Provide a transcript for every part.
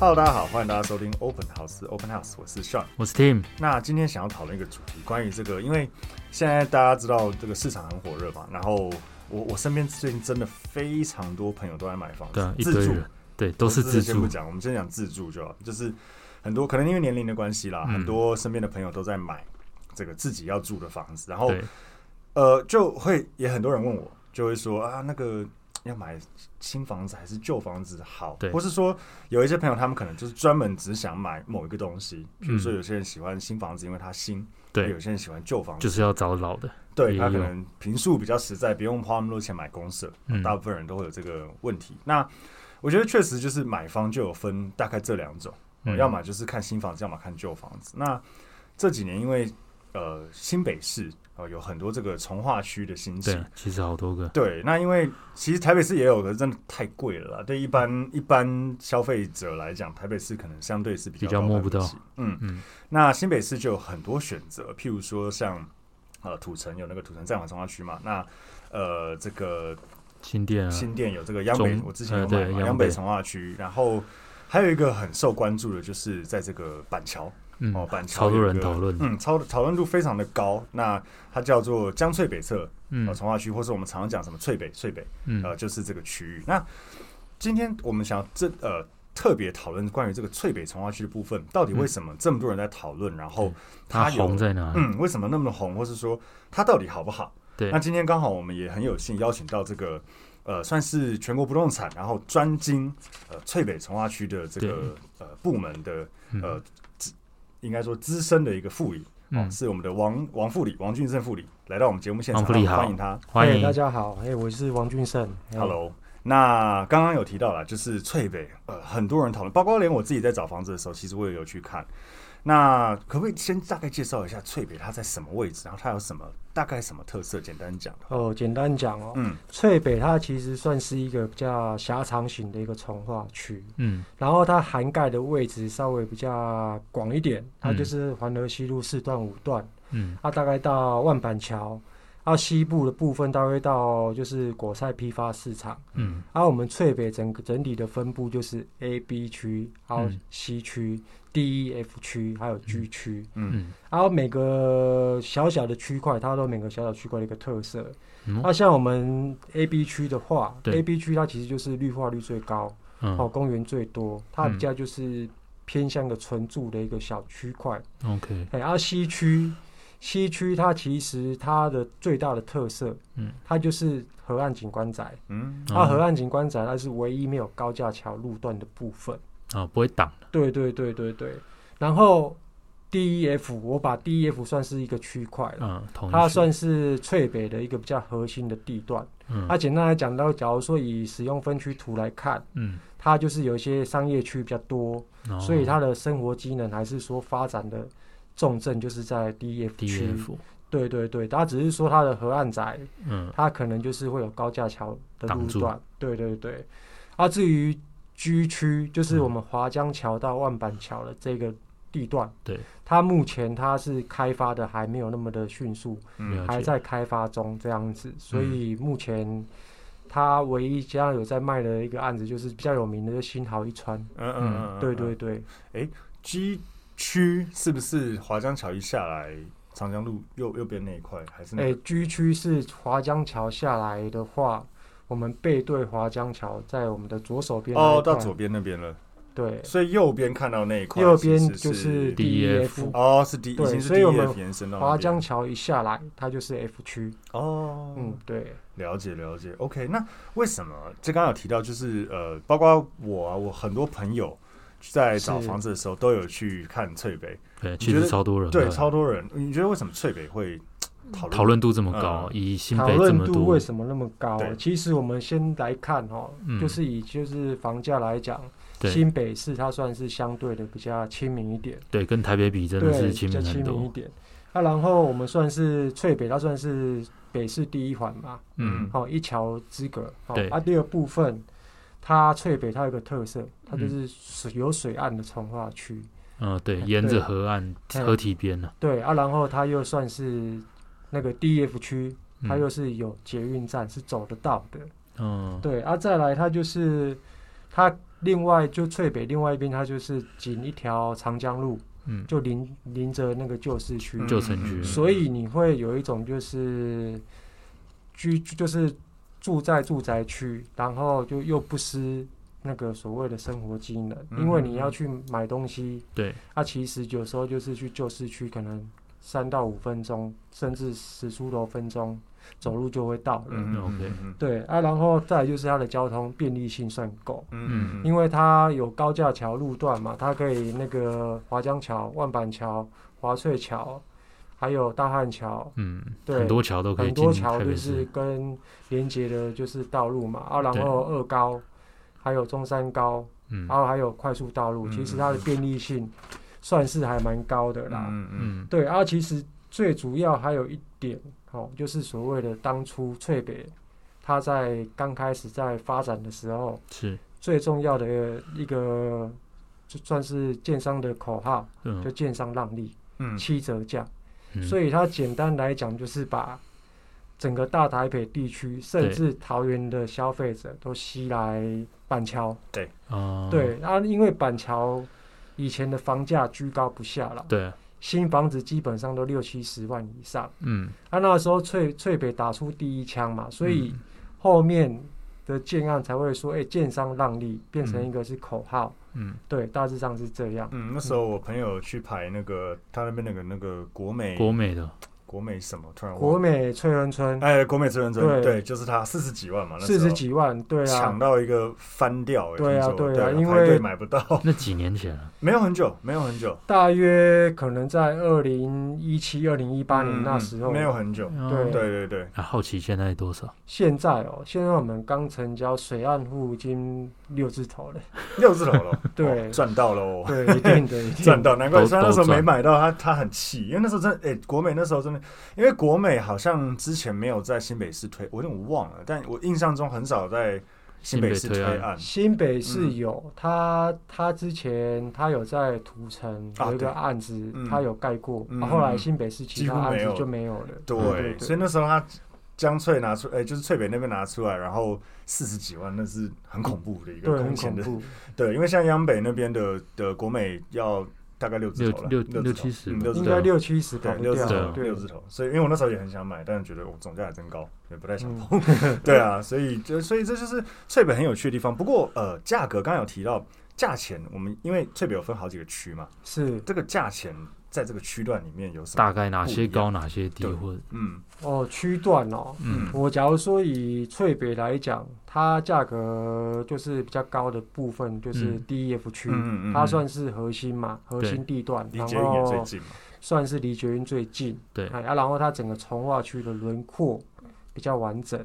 Hello，大家好，歡迎大家收聽 Open House，Open House，我是 Sean，我是 Tim。Team? 那今天想要討論一個主題，關於這個，因為現在大家知道這個市場很火熱嘛，然後我我身邊最近真的非常多朋友都在買房子，對，自住，對，都是自住。的先不講，我們先講自住就好，就是很多可能因為年齡的關係啦，嗯、很多身邊的朋友都在買這個自己要住的房子，然後對呃，就會也很多人問我，就會說啊，那個。要買新房子還是舊房子好？對，或是說有一些朋友他們可能就是專門只想買某一個東西，嗯、比如說有些人喜歡新房子，因為它新；對，有些人喜歡舊房子，就是要找老的。對他可，可能坪數比較實在，不用花那麼多錢買公設，嗯啊。大部分人都會有這個問題。那我覺得確實就是買方就有分大概這兩種，啊嗯、要麼就是看新房子，要麼看舊房子。那這幾年因為呃新北市。哦、有很多這個重劃區的新城，對，其實好多個。對，那因為其實台北市也有的，真的太貴了。對一般一般消費者來講，台北市可能相對是比較，比較摸不到。嗯嗯。嗯那新北市就有很多選擇，譬如說像、呃、土城有那個土城在往重劃區嘛，那呃這個新店、啊、新店有這個央北，中我之前有買嘛，呃、央北重劃區。然後還有一個很受關注的就是在這個板橋。哦，板橋超多人討論，嗯，超討論、嗯、度非常的高。那它叫做江翠北側，嗯，重、呃、劃區，或是我們常常講什麼翠北、翠北，嗯、呃，就是這個區域。那今天我們想要這呃特別討論關於這個翠北重劃區的部分，到底為什麼這麼多人在討論？嗯、然後它有他紅在哪？嗯，為什麼那麼紅？或是說它到底好不好？對。那今天剛好我們也很有幸邀請到這個呃，算是全國不動產然後專精呃翠北重劃區的這個對呃部門的呃。嗯應該說資深的一個副理，嗯、是我們的王王副理，王俊勝副理來到我們節目現場，歡迎他，歡迎。大家好，我是王俊勝，Hello，嗯、那剛剛有提到了，就是翠北，呃、很多人討論，包括連我自己在找房子的時候，其實我也有去看。那可不可以先大概介紹一下翠北，它在什麼位置，然後它有什麼，大概什麼特色？簡單講哦，簡單講哦，嗯，翠北它其實算是一個比較狹長型的一個重劃區，嗯，然後它涵蓋的位置稍微比較廣一點，它就是環河西路四段五段，嗯、啊，大概到萬板橋，啊，西部的部分大概到就是果菜批發市場，嗯，啊，我們翠北整個整體的分布就是 A、B 區，還有 C 區。嗯 D E、F 區還有 G 區、嗯，嗯，然後、啊、每個小小的區塊，它都有每個小小區塊的一個特色。那、嗯啊、像我們 A、B 區的話，A、對 B 區它其實就是綠化率最高，嗯、哦，公園最多，它比較就是偏向個純住的一個小區塊。OK，然後 C 區，C 區它其實它的最大的特色，嗯，它就是河岸景觀宅，嗯，它、啊、河岸景觀宅它是唯一沒有高架橋路段的部分。啊、哦，不會擋的。對對對對對，然後 DEF 我把 DEF 算是一個區塊了，嗯，同它算是翠北的一個比較核心的地段，嗯，他簡單來講到，假如說以使用分區圖來看，嗯，它就是有一些商業區比較多，哦、所以它的生活機能還是說發展的重鎮，就是在 DEF 區，DF 對對對，大家只是說它的河岸窄，嗯，它可能就是會有高架橋的路段，住對對對，啊至於。G 區就是我們華江橋到萬板橋的這個地段，嗯、對，它目前它是開發的還沒有那麼的迅速，嗯、還在開發中這樣子，嗯、所以目前它唯一家有在賣的一個案子就是比較有名的就新濠一川，嗯嗯對對對，哎、欸、，G 區是不是華江橋一下來長江路右右邊那一塊還是、那個？哎、欸、，G 區是華江橋下來的話。我們背對華江橋，在我們的左手邊哦，到左邊那邊了。對，所以右邊看到那一塊，右邊就是 D、F, D、F 哦，是 D F。對，所以 E、F 延伸到華江橋一下來，它就是 F 區哦。嗯，對，了解了解。OK，那為什麼？這剛剛有提到，就是呃，包括我啊，我很多朋友在找房子的時候，都有去看翠北。是對，你覺得，其實超多人？對，超多人。你覺得為什麼翠北會？討論度這麼高，以新北這麼多，討論度為什麼那麼高？其實我們先來看哦，就是以就是房價來講，新北市它算是相對的比較親民一點，對，跟台北比真的是親民一點。那然後我們算是翠北，它算是北市第一環嘛，嗯，好，一橋之隔。對啊，第二部分，它翠北它有個特色，它就是水有水岸的重劃區，嗯，對，沿着河岸河堤邊呢，對啊，然後它又算是。那個 DF 區，它又是有捷運站、嗯、是走得到的。嗯、哦，對啊，再來它就是，它另外就翠北另外一邊，它就是僅一條長江路，嗯，就臨臨着那個舊市區、舊城區，所以你會有一種就是居就是住在住宅區，然後就又不失那個所謂的生活機能，嗯嗯嗯，因為你要去買東西。對，啊，其實有時候就是去舊市區可能三到五分鐘，甚至十出頭分鐘，走路就會到了。嗯，okay，嗯，對啊，然後再來就是它的交通便利性算夠。嗯，因為它有高架橋路段嘛，它可以那個華江橋、萬板橋、華翠橋，還有大漢橋。嗯，對，很多橋都可以進行。很多橋就是跟連接的就是道路嘛，啊，然後二高，對還有中山高，嗯、然後還有快速道路，嗯、其實它的便利性。算是還蠻高的啦，嗯嗯，嗯對啊，其實最主要還有一點，哦、就是所謂的當初翠北，他在剛開始在發展的時候，是最重要的一個，就算是建商的口號，嗯、就建商讓利，嗯、七折價，嗯、所以它簡單來講就是把整個大台北地區，甚至桃園的消費者都吸來板橋，對，對，然、啊、因為板橋，以前的房價居高不下了，對、啊，新房子基本上都六七十萬以上，嗯，啊，那個時候翠翠北打出第一槍嘛，所以後面的建案才會說，哎、欸，建商讓利變成一個是口號，嗯，對，大致上是這樣，嗯，嗯，那時候我朋友去排那個他那邊那個那個國美國美的。國美什麼？突然國美翠園村，哎，國美翠園村，對，就是他，四十幾萬嘛，四十幾萬，對啊，搶到一個翻掉欸，對啊，對啊，因為買不到，那幾年前啊？沒有很久，沒有很久，大約可能在二零一七、二零一八年那時候，沒有很久，對，對，對，對。好奇現在多少？現在哦，現在我們剛成交水岸戶，已經六字頭了，六字頭了，對，賺到了哦。對，一定，對，賺到，難怪他那時候沒買到，他他很氣，因為那時候真的，哎，國美那時候真的。因為國美好像之前沒有在新北市推，我有點忘了，但我印象中很少在新北市推案，新北市有他，他之前他有在土城有一個案子。啊、他有蓋過，嗯、後來新北市其他案子就沒有了。幾乎沒有，對，對對對，所以那時候他江翠拿出，哎，就是翠北那邊拿出來，然後四十幾萬，那是很恐怖的一個的，很恐怖。對，因為像央北那邊的的國美要。大概六字頭了，六、六字頭六七十，嗯哦、應該六七十對，六字頭。所以，因為我那時候也很想買，但是覺得我總價還真高，也不太想碰。嗯、 對啊，對所以就，所以這就是翠北很有趣的地方。不過，呃，價格剛剛有提到價錢，我們因為翠北有分好幾個區嘛，是這個價錢。在這個區段裡面有大概哪些高哪些低？對，嗯，哦，區段哦，嗯，我假如說以翠北來講，它價格就是比較高的部分就是 D E F 區，它算是核心嘛，核心地段，離捷運最近嘛，算是離捷運最近，對，啊，然後它整個重劃區的輪廓比較完整，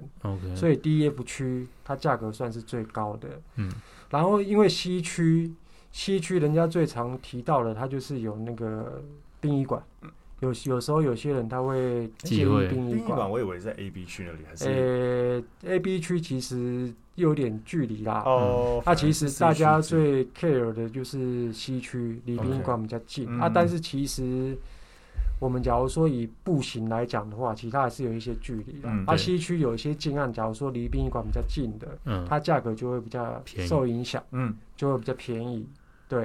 所以 D E F 區它價格算是最高的，嗯，然後因為西區。西區人家最常提到的，它就是有那個殯儀館，嗯、有有時候有些人他會介意殯儀館。我以為在 A、B 區那裡還是。呃、欸、，A、B 區其實又有點距離啦。哦。它、嗯啊、其實大家最 care 的就是西區，離殯儀館比較近。Okay. 啊，但是其實我們假如說以步行來講的話，其實它還是有一些距離的。嗯、啊，西區有一些建案，假如說離殯儀館比較近的，嗯，它價格就會比較受影響。嗯，就會比較便宜。對，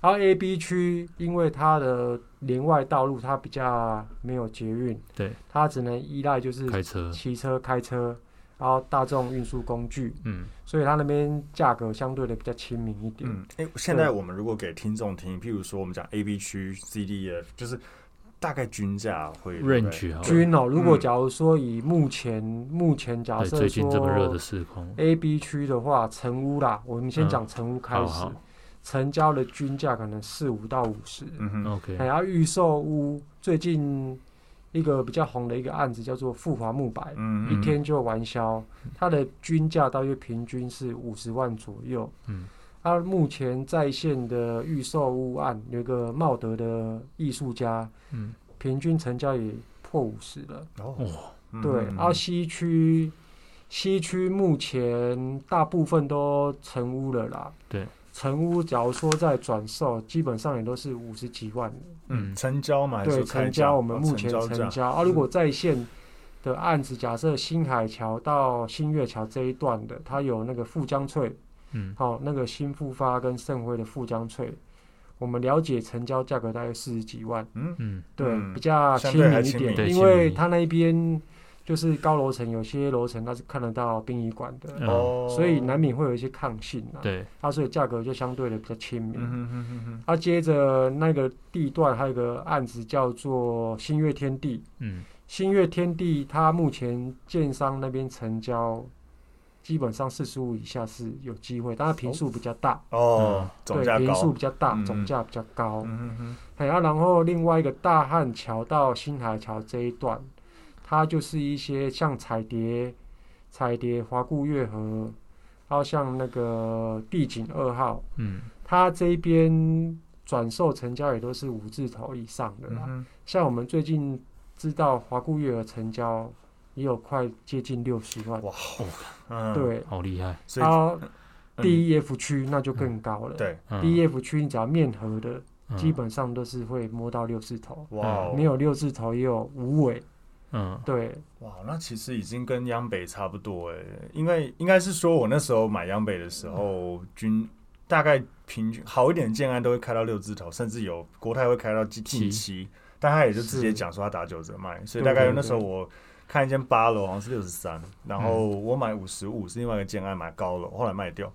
然後 A、B 區因為它的連外道路它比較沒有捷運，對，它只能依賴就是車開車、騎車、開車，然後大眾運輸工具，嗯，所以它那邊價格相對的比較親民一點。哎、嗯欸，現在我們如果給聽眾聽，譬對如說我們講 A、B 區、C、D、F，就是大概均價會 range 均哦。如果假如說以目前、嗯、目前假設說最近這麼熱的市況，A、B 區的話，成屋啦，我們先講成屋開始。嗯好好成交的均價可能四五到五十，嗯哼，OK。然後預售屋最近一個比較紅的一個案子叫做富華木百，嗯，嗯，一天就完銷，它的均價大約平均是五十萬左右，嗯。而、啊、目前在線的預售屋案有一個茂德的藝術家，嗯，平均成交也破五十了，哦，對。然後、嗯嗯啊、西區西區目前大部分都成屋了啦，對。成屋，假如說在轉售，基本上也都是五十幾萬。嗯，成交嘛？對，交成交。我們目前成交。成交啊，如果在線的案子，嗯、假設新海橋到新月橋這一段的，它有那個富江翠，嗯，好、哦，那個新富發跟盛輝的富江翠，嗯、我們了解成交價格大概四十幾萬。嗯對，嗯比較親民一點，因為它那一邊。就是高樓層，有些樓層它是看得到殯儀館的、哦嗯，所以難免會有一些抗性、啊。對，它、啊、所以價格就相對的比較親民。它、嗯啊、接着那個地段還有個案子叫做新月天地。嗯、新月天地它目前建商那邊成交基本上四十五以下是有機會，但它坪數比較大。哦。嗯、高對，坪數比較大，嗯、哼哼總價比較高。嗯哼哼啊、然後另外一個大漢橋到新海橋這一段。它就是一些像彩蝶、彩蝶華固悅和，然後像那個帝景二號，嗯，它這邊轉售成交也都是五字頭以上的啦。嗯、哼像我們最近知道華固悅和成交也有快接近六十萬，哇、哦，嗯、對，好厲害。然後 D E F 區那就更高了，嗯、對、嗯、，D E F 區你只要面合的，嗯、基本上都是會摸到六字頭，哇、哦嗯，沒有六字頭也有五尾。嗯，對，哇，那其實已經跟央北差不多哎、欸，因為應該是說我那時候買央北的時候，嗯、均大概平均好一點，建案都會開到六字頭，甚至有國泰會開到近七近期，但他也就直接講說他打九折賣，是所以大概那時候我看一間八樓好像是六十三，然後我買五十五是另外一個建案買高樓，嗯、後來賣掉，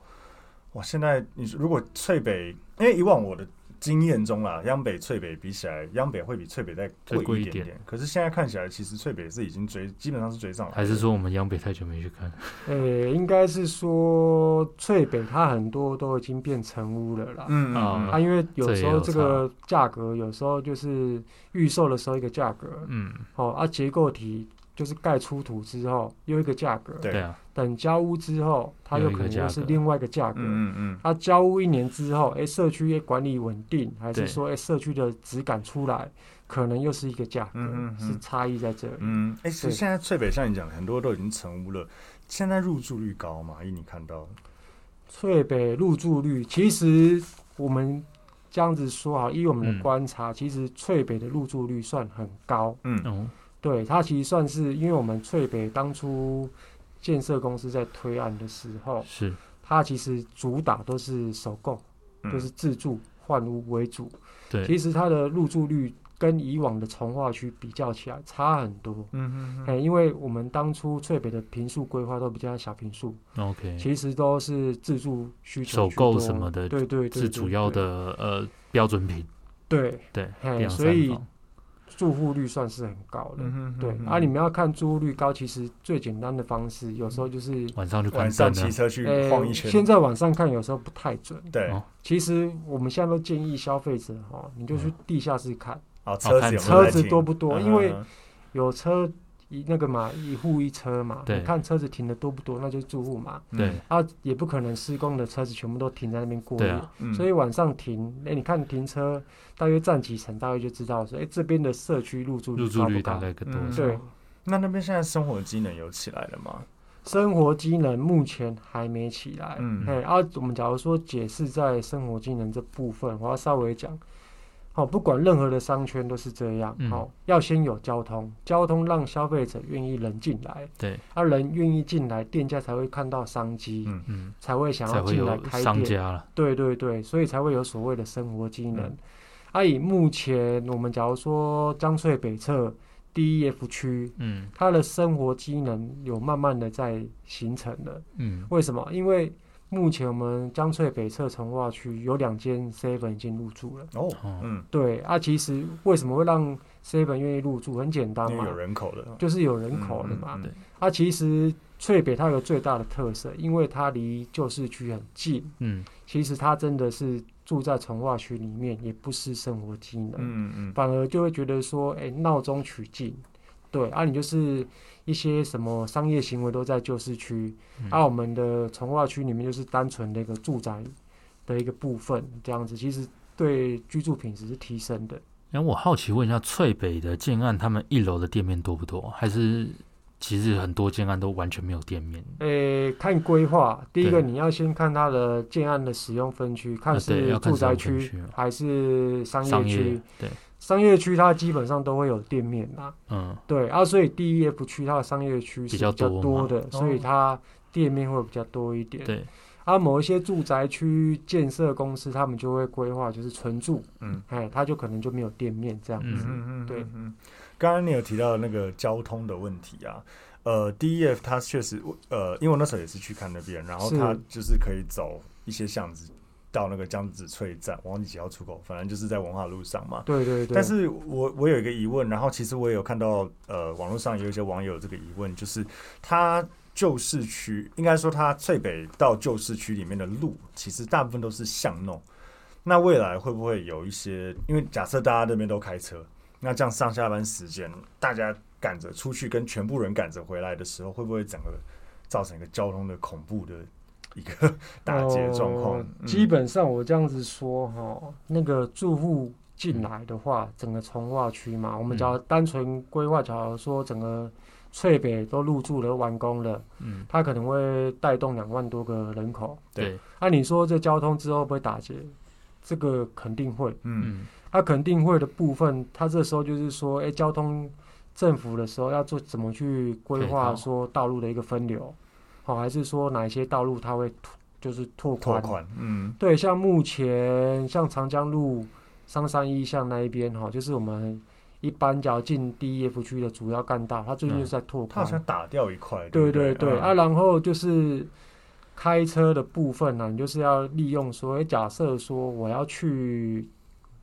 哇，現在你如果翠北，因、欸、為以往我的。經驗中啦，央北翠北比起來，央北會比翠北再貴一點點。點可是現在看起來，其實翠北是已經追，基本上是追上了。還是說我們央北太久沒去看？呃、 欸，應該是說翠北它很多都已經變成屋了啦。嗯嗯、嗯啊，因為有時候這個價格，有時候就是預售的時候一個價格。嗯，好、嗯，啊結構體。就是蓋出土之後又一個價格，對啊。等交屋之後，它又可能又是另外一個價格。嗯嗯。它，嗯啊、交屋一年之後，哎、欸，社區管理穩定，還是說哎對、欸，社區的質感出來，可能又是一個價格，嗯嗯，是差異在這裡。嗯，哎、欸，所以現在翠北像你講的，很多都已經成屋了，現在入住率高嗎？依你看到，翠北入住率，其實我們這樣子說好，依我們的觀察，嗯、其實翠北的入住率算很高。嗯。嗯對，它其實算是，因為我們翠北當初建設公司在推案的時候，是它其實主打都是首購，就、嗯、是自住換屋為主。對，其實它的入住率跟以往的重劃區比較起來差很多。嗯嗯嗯，因為我們當初翠北的坪數規劃都比較小坪數 Okay 其實都是自住需求居多首購什麼的，對對，是主要的呃標準品。對對，所以。住戶率算是很高的，嗯、哼哼哼，對。啊，你們要看住戶率高，其實最簡單的方式，有時候就是、嗯、晚上就看了，晚上騎車去逛一圈、呃、現在晚上看有時候不太準，對。其實我們現在都建議消費者哈、哦，你就去地下室看，看車子多不多，嗯、哼哼，因為有車。一那個嘛，一戶一車嘛，對你看車子停的多不多，那就是住戶嘛。對，然後、啊、也不可能施工的車子全部都停在那邊過夜，啊嗯、所以晚上停，欸、你看停車大約占幾成，大約就知道說，哎、欸，這邊的社區入住入住率大概一個多、嗯、對，那那邊現在生活機能有起來了嗎？生活機能目前還沒起來。嗯，哎，然、啊、後我們假如說解釋在生活機能這部分，我要稍微講。哦，不管任何的商圈都是這樣。嗯、哦，要先有交通，交通讓消費者願意人進來。對，啊，人願意進來，店家才會看到商機，嗯，嗯，才會想要進來開店。商家對對對，所以才會有所謂的生活機能。嗯、啊，以目前我們假如說江翠北側 D E F 區，嗯，它的生活機能有慢慢的在形成了。嗯，為什麼？因為。目前我們江翠北側重劃區有兩間 seven 已經入住了。哦，嗯，對啊，其實為什麼會讓 seven 願意入住？很簡單嘛，有人口的，嗯、就是有人口的嘛。嗯嗯、對，啊、其實翠北它有個最大的特色，因為它離舊市區很近。嗯，其實它真的是住在重劃區裡面，也不失生活機能。嗯嗯，嗯反而就會覺得說，哎、欸，鬧中取靜。對，啊，你就是一些什麼商業行為都在舊市區，而、嗯啊、我們的重劃區裡面就是單純的一個住宅的一個部分這樣子，其實對居住品質是提升的。然後、嗯、我好奇問一下，翠北的建案他們一樓的店面多不多，還是？其實很多建案都完全沒有店面。欸，看規劃，第一個你要先看它的建案的使用分區，對看是住宅區還是商業區。商業區，對，商業區它基本上都會有店面嘛。嗯，對啊，所以 D、F 區它的商業區比較多的，多所以它店面會比較多一點。對，啊，某一些住宅區建設公司，他們就會規劃就是純住，嗯，哎，它就可能就沒有店面這樣子。嗯嗯嗯，對嗯。剛剛你有提到那個交通的問題啊，呃，D E F 它確實，呃，因為我那時候也是去看那邊，然後它就是可以走一些巷子到那個江子翠站，忘記幾號出口，反正就是在文化路上嘛。對對對。但是我我有一個疑問，然後其實我也有看到，呃，網絡上有一些網友有這個疑問，就是它舊市區應該說它翠北到舊市區裡面的路，其實大部分都是巷弄，那未來會不會有一些？因為假設大家那邊都開車。那這樣上下班時間，大家趕着出去跟全部人趕着回來的時候，會不會整個造成一個交通的恐怖的一個打結狀況、哦？基本上我這樣子說哈，嗯、那個住戶進來的話，嗯、整個重劃區嘛，我們只要單純規劃，假如說整個翠北都入住了、完工了，嗯，它可能會帶動兩萬多個人口。對，那、啊、你說這交通之後會不會打結？這個肯定會，嗯，他、啊、肯定會的部分，他這時候就是說，哎、欸，交通政府的時候要做怎麼去規劃，說道路的一個分流，好、哦，還是說哪一些道路他會拓，就是拓寬，嗯，對，像目前像長江路、三三一巷那一邊哈，就是我們一般要進 D F 區的主要幹道，它最近就是在拓寬、嗯，它好像打掉一塊，對對對，嗯、啊，然後就是。開車的部分呢、啊，你就是要利用說，欸、假設說我要去，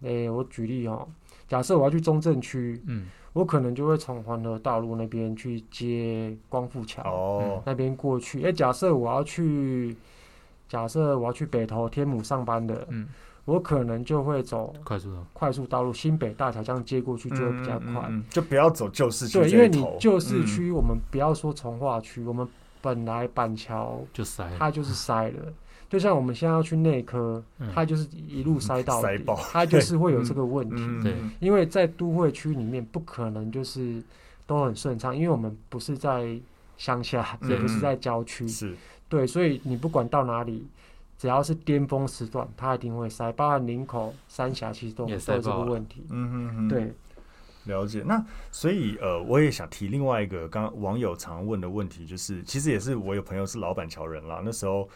哎、欸，我舉例哦，假設我要去中正區，嗯，我可能就會從環河道路那邊去接光復橋，哦，嗯、那邊過去。哎、欸，假設我要去，假設我要去北投天母上班的，嗯，我可能就會走快速快速道路、嗯、新北大橋，這樣接過去就會比較快，嗯嗯、就不要走舊市區，因為你舊市區，我們不要說重劃區，我們。本來板橋就塞了，它就是塞了。就像我們現在要去內科，它就是一路塞到底，它就是會有這個問題。對，因為在都會區裡面，不可能就是都很順暢，因為我們不是在鄉下，也不是在郊區。是，對，所以你不管到哪裡，只要是巔峰時段，它一定會塞。包括林口、三峽，其實都會有這個問題。嗯嗯，對。了解，那所以呃，我也想提另外一個剛網友常問的問題，就是其實也是我有朋友是老板橋人啦。那時候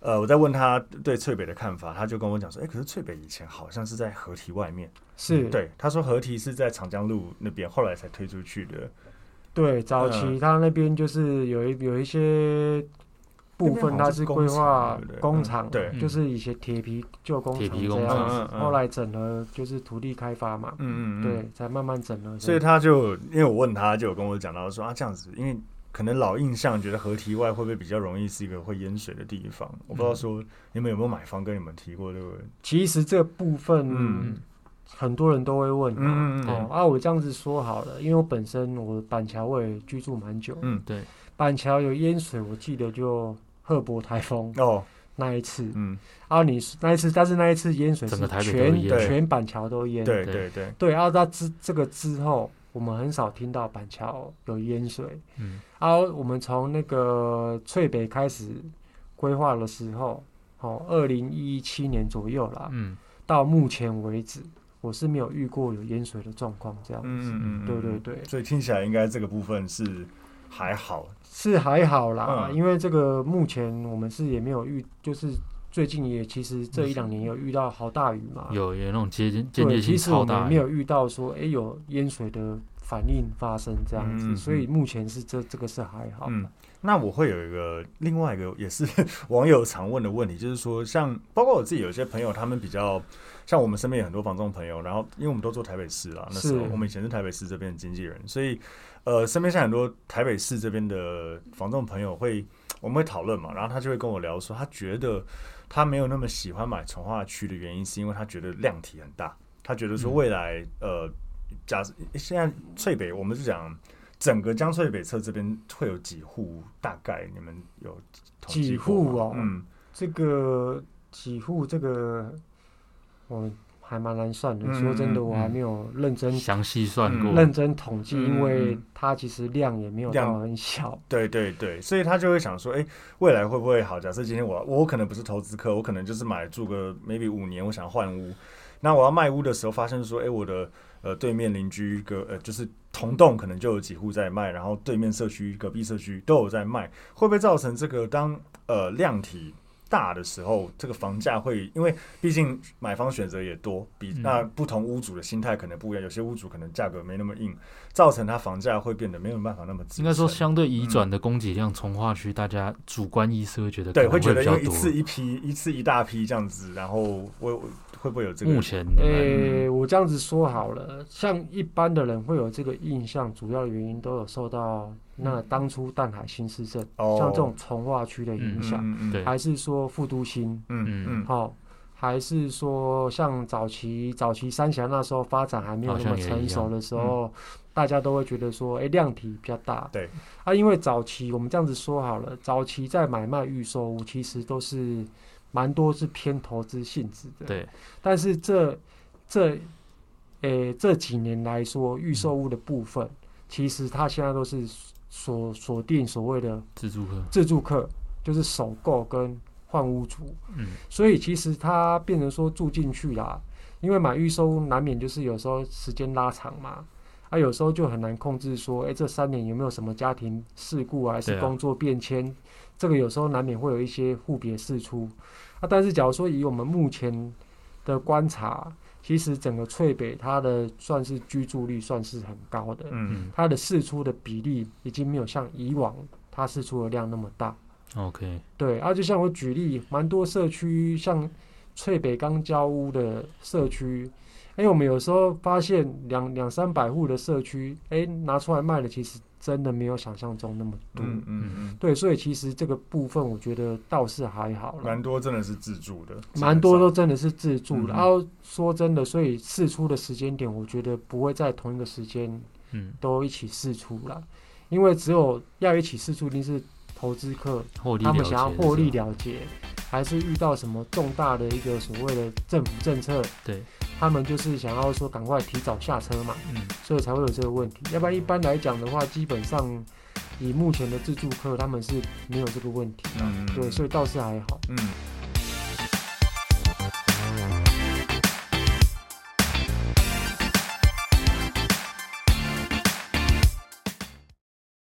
呃我在問他對翠北的看法，他就跟我講說，哎、欸，可是翠北以前好像是在河堤外面，是、嗯、對，他說河堤是在長江路那邊，後來才推出去的，對，嗯、早期他那邊就是有一有一些。部分它是規劃工廠，對，就是一些鐵皮舊工廠這樣，後來整了就是土地開發嘛，嗯嗯，對，才慢慢整了。所以他就因為我問他，就有跟我講到說啊這樣子，因為可能老印象覺得河堤外會不會比較容易是一個會淹水的地方？我不知道說你們有沒有買房跟你們提過這個？其實這部分很多人都會問。嗯哦，啊我這樣子說好了，因為我本身我板橋我也居住蠻久，嗯，對，板橋有淹水，我記得就。赫伯颱風哦，那一次，嗯，然後啊，你那一次，但是那一次淹水是全對全板橋都淹，對對對，然後啊，到之這，這個之後，我們很少聽到板橋有淹水，嗯，啊，我們從那個翠北開始規劃的時候，哦，二零一七年左右啦，嗯，到目前為止，我是沒有遇過有淹水的狀況，這樣子，嗯，嗯嗯嗯，對對對，所以聽起來應該這個部分是。還好是還好啦，嗯、因為這個目前我們是也沒有遇，就是最近也其實這一兩年有遇到好大雨嘛，有有那種間接、接性超大對。其實我們也沒有遇到說哎、欸、有淹水的反應發生這樣子，嗯、所以目前是這這個是還好、嗯。那我會有一個另外一個也是網友常問的問題，就是說像包括我自己有些朋友，他們比較像我們身邊有很多房東朋友，然後因為我們都做台北市啦，那時候我們以前是台北市這邊的經紀人，是所以。呃，身邊現在很多台北市這邊的房仲朋友會，我們會討論嘛，然後他就會跟我聊說，他覺得他沒有那麼喜歡買重劃區的原因，是因為他覺得量體很大，他覺得說未來，嗯、呃，假設現在翠北，我們就講整個江翠北側這邊會有幾戶，大概你們有幾戶哦？嗯，這個幾戶，這個，我、哦。還蠻難算的，說真的，我還沒有認真詳細算過，嗯、認真統計，嗯、因為它其實量也沒有到很小量。對對對，所以他就會想說，哎、欸，未來會不會好？假設今天我我可能不是投資客，我可能就是買住個 maybe 五年，我想換屋，那我要賣屋的時候，發生說，哎、欸，我的呃對面鄰居隔呃就是同棟可能就有幾戶在賣，然後對面社區隔壁社區都有在賣，會不會造成這個當呃量體？大的時候，這個房價會因為畢竟買方選擇也多，比那不同屋主的心態可能不一樣，有些屋主可能價格沒那麼硬，造成他房價會變得沒有辦法那麼。應該說，相對移轉的供給量重劃區，嗯、大家主觀意識會覺得會對，會覺得要一次一批，一次一大批這樣子，然後會會不會有這個？目前、欸，我這樣子說好了，像一般的人會有這個印象，主要的原因都有受到。那當初淡海新市鎮，哦、像這種重劃區的影響，嗯嗯嗯、還是說副都心，好、嗯嗯嗯哦，還是說像早期早期三峽那時候發展還沒有那麼成熟的時候，嗯、大家都會覺得說，哎、欸，量體比較大。對，啊，因為早期我們這樣子說好了，早期在買賣預售屋，其實都是蠻多是偏投資性質的。對，但是這這，呃、欸，這幾年來說預售屋的部分，嗯、其實它現在都是。鎖鎖定所謂的自住客，自住客就是首購跟換屋主，嗯，所以其實它變成說住進去啦、啊，因為買預售難免就是有時候時間拉長嘛，啊，有時候就很難控制說，哎、欸，這三年有沒有什麼家庭事故啊，還是工作變遷，啊、這個有時候難免會有一些戶別事出，啊，但是假如說以我們目前的觀察。其實整個翠北，它的算是居住率算是很高的，嗯，它的釋出的比例已經沒有像以往它釋出的量那麼大。OK，對，啊就像我舉例，蠻多社區像翠北剛交屋的社區，哎，我們有時候發現兩兩三百戶的社區，哎，拿出來賣了，其實。真的沒有想象中那麼多，嗯嗯，嗯對，所以其實這個部分我覺得倒是還好。蠻多真的是自住的，蠻多都真的是自住。然後、嗯嗯啊、說真的，所以釋出的時間點，我覺得不會在同一個時間，嗯，都一起釋出了。嗯、因為只有要一起釋出，一定是投資客獲利，他們想要獲利了結，是吧還是遇到什麼重大的一個所謂的政府政策，嗯、對。他們就是想要說趕快提早下車嘛，嗯，所以才會有這個問題。要不然一般來講的話，基本上以目前的自住客，他們是沒有這個問題的，啊，嗯嗯嗯，對，所以倒是還好，嗯。